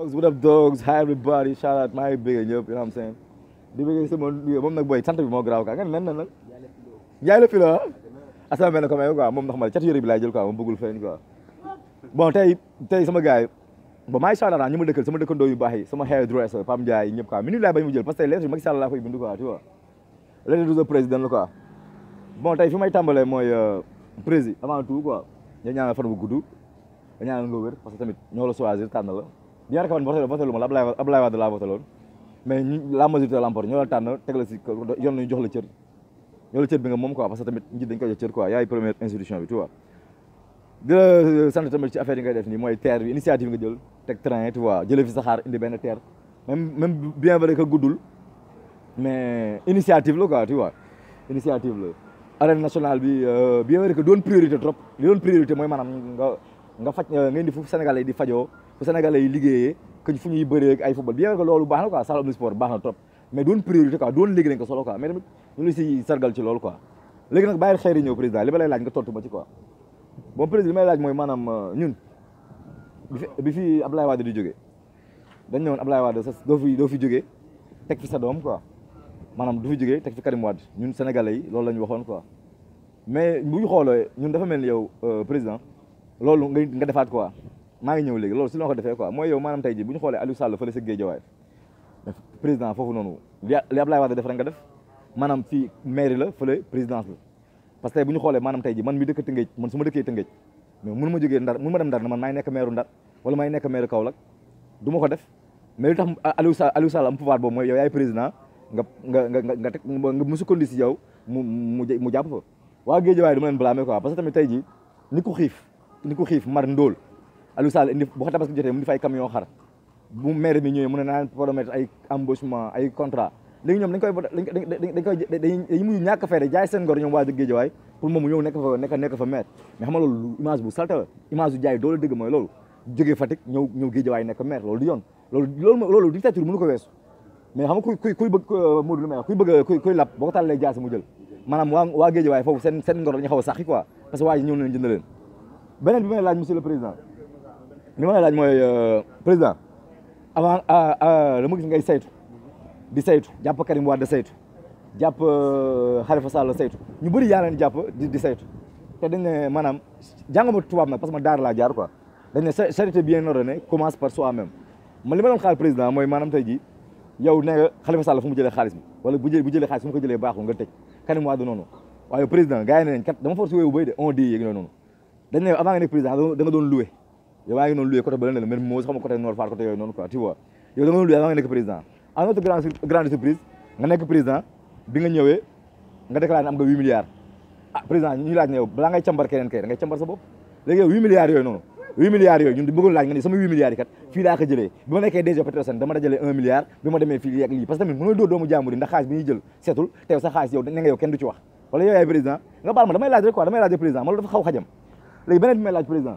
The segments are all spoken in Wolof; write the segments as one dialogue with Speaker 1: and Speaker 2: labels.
Speaker 1: dogs what up dogs hi everybody shout out maa ngi bëggee ñëpp you know what I'm saying di bëggee sama moom nag booy sant bi moo garaaw quoi nga nen na nag Ndiaye la filo ah sama benn commune quoi moom ndax ma cat yëre bi laay jël quoi moom bëggul feeñ quoi bon tey tey sama gars yi ba maa ngi shout out ñu ma dëkkal sama dëkkandoo yu baax yi sama hairdresser Pam Ndiaye ñëpp quoi minute laay bañ mu jël parce que tey lettre Macky Sall laa koy bind quoi tu vois lettre du président la quoi bon tey fi may tàmbalee mooy euh, président avant tout quoi ñu ñaanal fan bu gudd ñu ñaanal nga wér parce que tamit ñoo la choisir tànn la biar campagne voté voté ma la Ablaye Ablaye Wade laa voté loon mais la majorité de l'emporte ñoo la tànn teg la si yoon nañu jox la cër ñoo la cër bi nga moom quoi parce que tamit njiit dañ koy jox cër quoi yaay première institution bi tu vois di la sant tamit ci affaire yi ngay def nii mooy terre bi initiative nga jël ter, train tu vois jëlee fi saxaar indi benn terre même même bien vrai que guddul mais initiative quoi tu vois initiative arène nationale bi euh, bien vrai que prioritas priorité trop li mau priorité nggak nggak nga nga faj euh, nga indi fu Sénégalais di fajar fu sénégalais yi liggéeyee que fu ñuy bëree ay football bien que loolu baax na quoi salle omnisport baax na trop mais doon priorité quoi doon léegi nañ ko solo quoi mais loolu quoi léegi nag bàyyil xeer yi ñëw président li ma lay laaj nga tontu ma laaj mooy maanaam euh, ñun bi fi Abdoulaye Wade di jógee dañ ñëwoon Abdoulaye Wade sa doo fi doo fi jógee teg fi sa doom quoi maanaam du fi jógee teg fi Karim Wade ñun sénégalais yi loolu lañu waxoon ko mais bu ñu xoolee ñun dafa mel ni yow euh, président loolu nga nga defaat quoi maa ngi ñëw léegi loolu si loo ko defee quoi mooy yow maanaam tey bu ñu xoolee Aliou Sall fële sa Guédiawaye président foofu noonu li Ablaye Wade def rek nga def maanaam fii mairie la fële président la parce que bu ñu xoolee maanaam tey ji man mi dëkk Tëngéej man su ma dëkkee Tëngéej mais mënu ma jógee Ndar mënu ma dem Ndar ne man maay nekk maire Ndar wala maay nekk maire Kaolack du ma ko def mais li tax Aliou Sall Aliou Sall am pouvoir boobu mooy yow yaay président nga nga nga nga teg nga mu sukkandi si yow mu mu mu jàpp fa waa Guédiawaye ma leen blâmer quoi parce que tamit tey ji ni ko xiif ni ko xiif mar ndóol Aliou Sall indi bu tabaski jotee mu indi fa ay camion xar bu maire bi ñëwee mu ne naan promettre ay embauchement ay contrat léegi ñoom dañ koy dañ jaay seen ngor ñoom waa Guédiawaye pour moom mu ñëw nekk fa ko weesu mais xam nga kuy beneen bi may laaj monsieur le président li ma la président avant gis ah, ah, euh, ngay di Karim di ne parce que daara jaar quoi charité bien ordonnée commence par soi-même man li ma xaar président mooy maanaam il jii yow ne Khalifa président on dit avant président yow yaa ngi noonu loué côté ba leneen mais moo xam côté Nord Foire côté yooyu noonu quoi tu vois yow da nga loué avant nga nekk président en notre grande grande surprise nga nekk président bi nga ñëwee nga déclaré ne am nga huit milliards ah président ñu laaj ne yow balaa ngay càmbar keneen kay da ngay càmbar sa bopp léegi yow huit milliards yooyu noonu huit milliards yooyu ñun di bëggoon laaj nga ni sama huit milliards yi kat fii laa ko jëlee bi ma nekkee DG Petrosen dama dajale un milliard bi ma demee fii ak lii parce que tamit mënoo dóor doomu jàmbur yi ndax xaalis bi ñuy jël seetul te yow sa xaalis yow ne nga yow kenn du ci wax wala yow yaay président nga baal ma damay laaj rek quoi damay laaj président ma loolu dafa xaw xajam léegi beneen bi may laaj président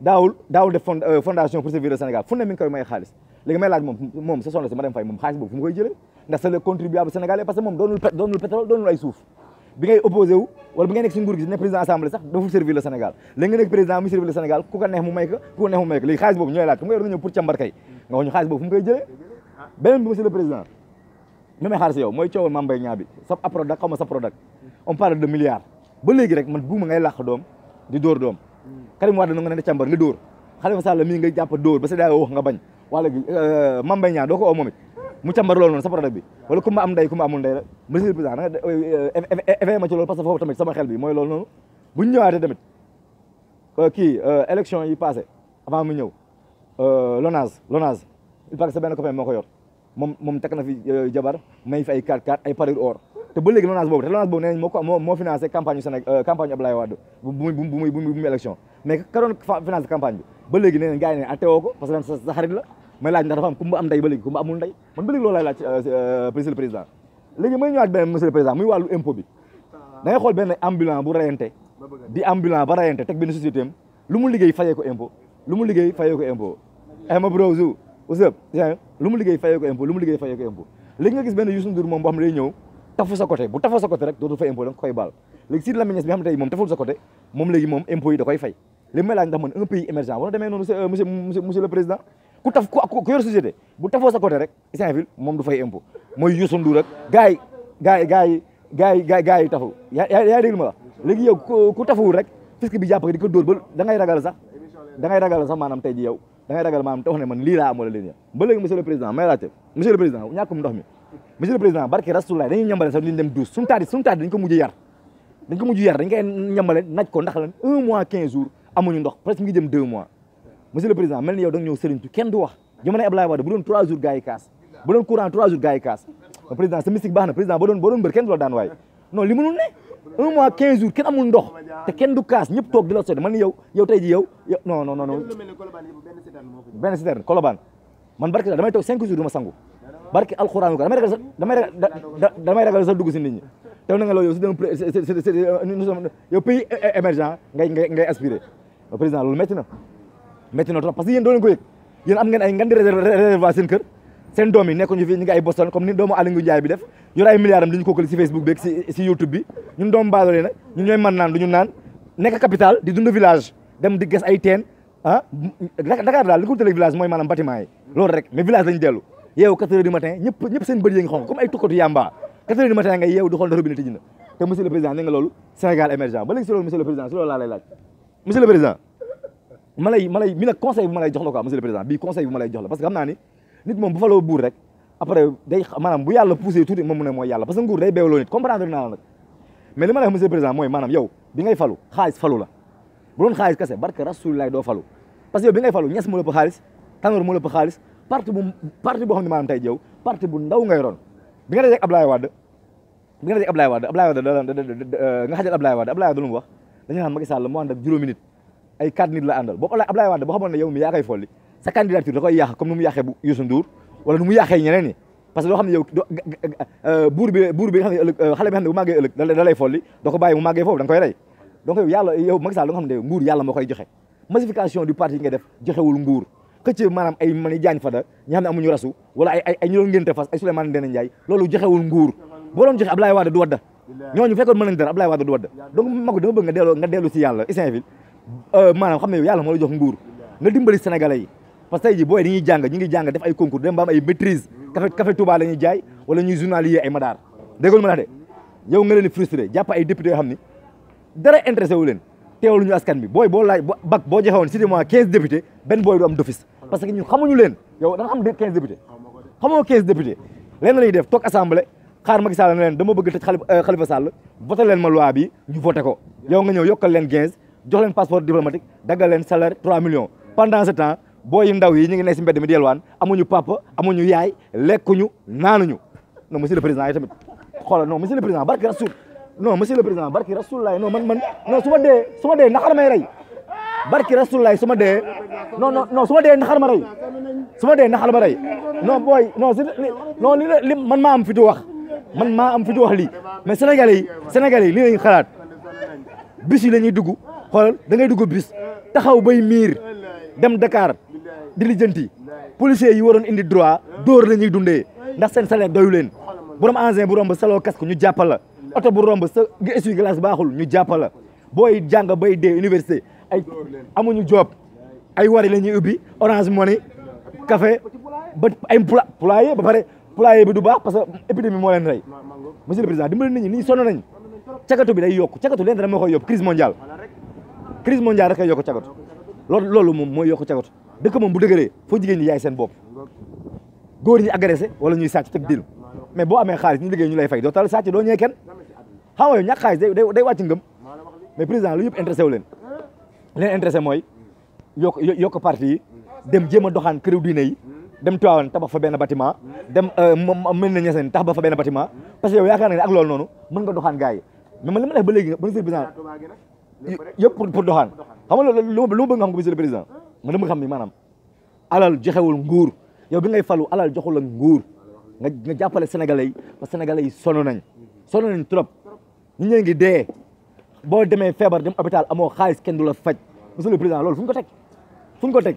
Speaker 1: daawul daawul def euh, fondation pour servir le Sénégal fu ne mi ngi may xaalis léegi may laaj moom moom sa soxna si Marème Faye moom xaalis boobu fu mu koy jëlee ndax c'est le contribuable sénégalais parce que moom doonul doonul pétrole doonul ay suuf bi ngay opposé wala bi ngay nekk si nguur gi ne président assemblée sax daful servir le Sénégal léegi nekk président mu servir le Sénégal ku ko neex mu may ko ku ko neex mu may ko léegi xaalis boobu ñooy laaj comme mooy coowal Karim Wade na nga ne càmbar nga dóor Khalifa Sall mii nga jàpp dóor ba sa daa wax bañ wala doo ko oo moom mu càmbar loolu noonu sa problème bi wala ku ma am ndey ku ma amul ndey la monsieur le sama xel bi mooy loolu bu ñu ñëwaatee tamit kii élection yi passé avant mu ñëw Lonase Lonase il paraît que sa benn copain moo ko yor moom moom takk na fi jabar may fi ay 4 4 ay parure or te ba léegi LONASE boobu te LONASE boobu nee nañ moo ko moo financé campagne Sénégal euh, campagne Abdoulaye Wade bu muy bu muy mais ka doon financé campagne bi ba léegi nee nañ gars ah, ko parce que sa xarit la may laaj ndax dafa am ku am ndey ba léegi ku mu amul man ba loolu laay laaj euh, euh, monsieur le président léegi may ñëwaat benn muy wàllu impôt bi ah. da xool benn ambulant bu rayante di ambulant ba rayante teg benn société am lu mu liggéey fayee ko lu mu liggéey eh, ma brosu Ousseyn lu mu liggéey fayee ko impôt lu mu liggéey fayee ko impôt léegi nga gis benn tafu sa côté bu tafoo sa côté rek dootul fay impôt da nga koy baal léegi Sidy Lamine Niass bi nga xam tey moom taful sa côté moom léegi moom impôt yi da koy fay léegi may laaj ndax man rek Saint-Ville moom du fay impôt mooy Youssou Ndour rek gars yi gars yi gars ma la léegi yow ku tafuwul rek fisc bi jàpp di ko dóor ba da ragal sax da tey ji yow da ragal maanaam te wax ne man lii laa am wala lii ba léegi monsieur le président may laajte monsieur le ndox mi monsieur le président barke Rasulullah dañuy ñambale sax duñ dem douze suñu taat ko mujj yar dañ ko mujj yar dañ koy ñambale naaj ko ndax lan mois quinze jours amuñu ndox presque ngi jëm deux mois monsieur le président mel ni yow da kenn du wax jamono Abdoulaye Wade bu doon trois jours gars kaas bu doon courant trois jours gars kaas président sa mystique baax na président ba doon ba daan waay non li mënul ne un mois quinze jours kenn amul ndox barki alxuraan ko damay ragal sax dugg si nit ñi te na nga loolu yow si dem yow pays émergent ngay ngay ngay aspiré président loolu métti na trop parce que yéen doo leen ko yëg yéen am ngeen ay ngan di réserve seen kër seen doom yi nekkuñu fi ñu ngi ay Boston comme ni doomu Aliou Ndiaye bi def yor ay milliards am di ñu kookali si Facebook beeg si si YouTube bi ñun doomu baadoole nag ñun ñooy mën naan du ñu naan nekk capital di dund village dem di ges ay teen ah Dakar daal mooy maanaam bâtiment yi loolu rek mais yeew 4 heures du du matin nga yeew di xool robinet tëj le président ne loolu Sénégal émergent ba si loolu monsieur le président si loolu laa lay laaj monsieur le président ma lay ma bu ma jox la quoi monsieur le président bii conseil bu ma jox la parce que xam naa ni nit moom bu faloo buur rek après day maanaam bu yàlla poussé tuuti moom mu mooy yàlla parce que nguur day beewloo nit comprendre naa la nag mais li ma lay wax le président parti bu parti boo xam ne maanaam tey jëw parti bu ndaw ngay ron bi nga dajeeg Ablaye Wade bi nga dajeeg Ablaye Wade Ablaye Wade da nga xajal Ablaye Wade Ablaye Wade lu mu wax dañu naan Macky Sall la sa candidature da mu yàqee nu mu yàqee foofu da koy rey donc yow yàlla yow Macky Sall da nga xam ne nguur yàlla moo koy joxe massification du parti yi nga def joxewul nguur xëcc maanaam ay man i jaañ fada ñi xam ne amuñu rasu wala ay ay ñu doon ngénte fas ay Souleymane Ndéné Ndiaye loolu joxewul nguur boo doon joxe Ablaye Wade du wadda ñooñu fekkoon mën nañ dara dama bëgg nga delloo si yàlla Isainville euh, maanaam xam ne yow yàlla moo jox nguur nga dimbali sénégalais yi parce que tey ji booy dañuy jàng ngi jàng def ay concours dem ba am ay maîtrise café café Touba la ñuy jaay wala ñuy journalier ay madaar déggoolu ma la de yow wu leen teewlu ñu askan bi booy boo laaj bac boo joxe woon si mois quinze députés benn booy du am d'office parce que ñun xamuñu leen yow da nga am quinze députés xamoo quinze députés leen la ñuy def toog assemblée xaar Macky Sall leen dama bëgg tëj Khalifa euh, Sall voté ma loi bi ñu voté ko yow nga ñëw yokkal leen quinze jox leen passeport diplomatique daggal leen salaire trois millions pendant temps booy ndaw yi ñu ngi si mbedd di yelwaan amuñu non monsieur le président barki rasulullah non man man non suma dé suma dé nakhar may ray barki rasulullah suma dé non non non suma dé nakhar ma ray suma dé nakhar ma ray non boy non non li li man ma am di wax man ma am di wax li mais sénégalais sénégalais li lañ xalat bis yi lañuy dugg xol da ngay dugg bis taxaw bay mir dem Dakar di lijjanti policiers yi waron indi droit dóor lañuy dundé ndax sen salaire doyu borom engin borom romb casque ñu jappal oto bu romb sa essuie-glace baaxul ñu jàppala booy jàng bay dee université ay amuñu joob ay wari la ñuy ubbi orange money café ba ay poulailler ba pare poulailler bi du baax parce que épidémie moo leen rey monsieur le président dimbali nit ñi nit ñi sonn nañ cagatu bi day yokk cagatu leen dara moo koy yóbbu crise mondiale crise mondiale rek ay yokk cagatu loolu loolu moom mooy yokk cagatu dëkk moom bu dëgëree foo jigéen ñi yaay seen bopp góor ñi agressé wala ñuy sàcc teg dil mais boo amee xaalis ñu liggéey ñu xam nga ñàkk xaalis day day wàcc ngëm mais président lu yëpp intéressé leen leen intéressé mooy yokk yokk parti yi dem jéem a doxaan këréw diine yi dem Tivaouane tabax fa benn bâtiment dem euh, mel na ñeseen tax ba fa benn bâtiment parce que loolu noonu mën nga doxaan gars yi mais ma def ba léegi ba monsieur le président yëpp pour doxaan xam nga lu ma bëgg nga xam ko monsieur le président man dama xam ni maanaam alal joxewul nguur yow bi ngay falu alal joxul ak nguur nga nga jàppale sénégalais yi parce sono nañ sonn nañ trop ñu ngi dee boo demee feebar dem hôpital amoo xaalis kenn du la faj monsieur le président loolu fu ko teg fu ñu ko teg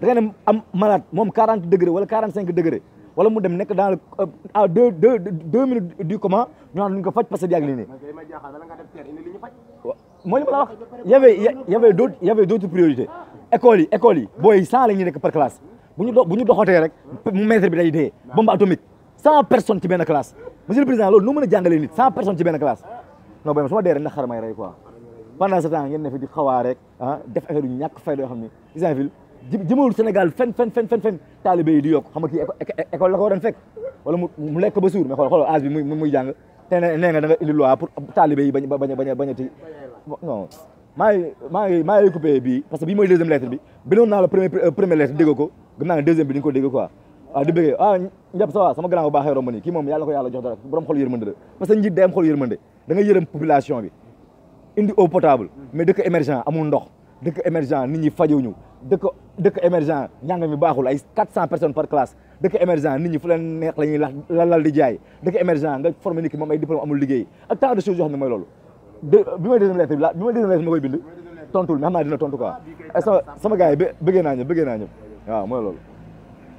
Speaker 1: da nga ne am malade moom quarante degré wala quarante cinq degré wala mu dem nekk dans le euh, à deux deux deux minutes du coma ñu naan ñu ko faj parce que yàgg nañu ne. mooy li ma la wax y avait y avait d' autres y booy yi cent la ñuy nekk par classe bu ñu do bu rek mu maître bi day dee bombe atomique cent personnes ci benn classe monsieur le président loolu noo a non booy ma dee rek ndax xar may rey quoi pendant ce temps ngeen ne fi di xawaa ah, yoo xam ne Isainville jëmawul Sénégal fen fen fen fen fen taalibe yi di yokk xam nga kii la ko doon fekk wala mu lekk ba suur mais xool xool te nee nga da nga loi pour taalibe yi bañ ti non maa ngi maa ngi parce que bii mooy deuxième lettre bi binoon naa la premier première lettre ko gëm naa nga deuxième bi di ko dégg quoi waaw ah, di bëggee ah njab sa waa sama grand bu baaxee romb nii kii moom yàlla ko yàlla jox dara borom xol yërmande la parce que njiit day am xol yërmande da nga yërëm population bi indi eau potable mais dëkk émergent amul ndox dëkk émergent nit ñi fajowuñu dëkk dëkk émergent njàng mi baaxul ay quatre cent personnes par classe dëkk émergent nit ñi fu neex la ñuy di jaay dëkk émergent nga formé nit ki moom ay diplôme amul liggéey a tant de choses yoo xam ne mooy loolu bi may deuxième lettre bi ma koy bind tontu quoi ah, sama gars yi bëggee naa ñëpp bëggee naa loolu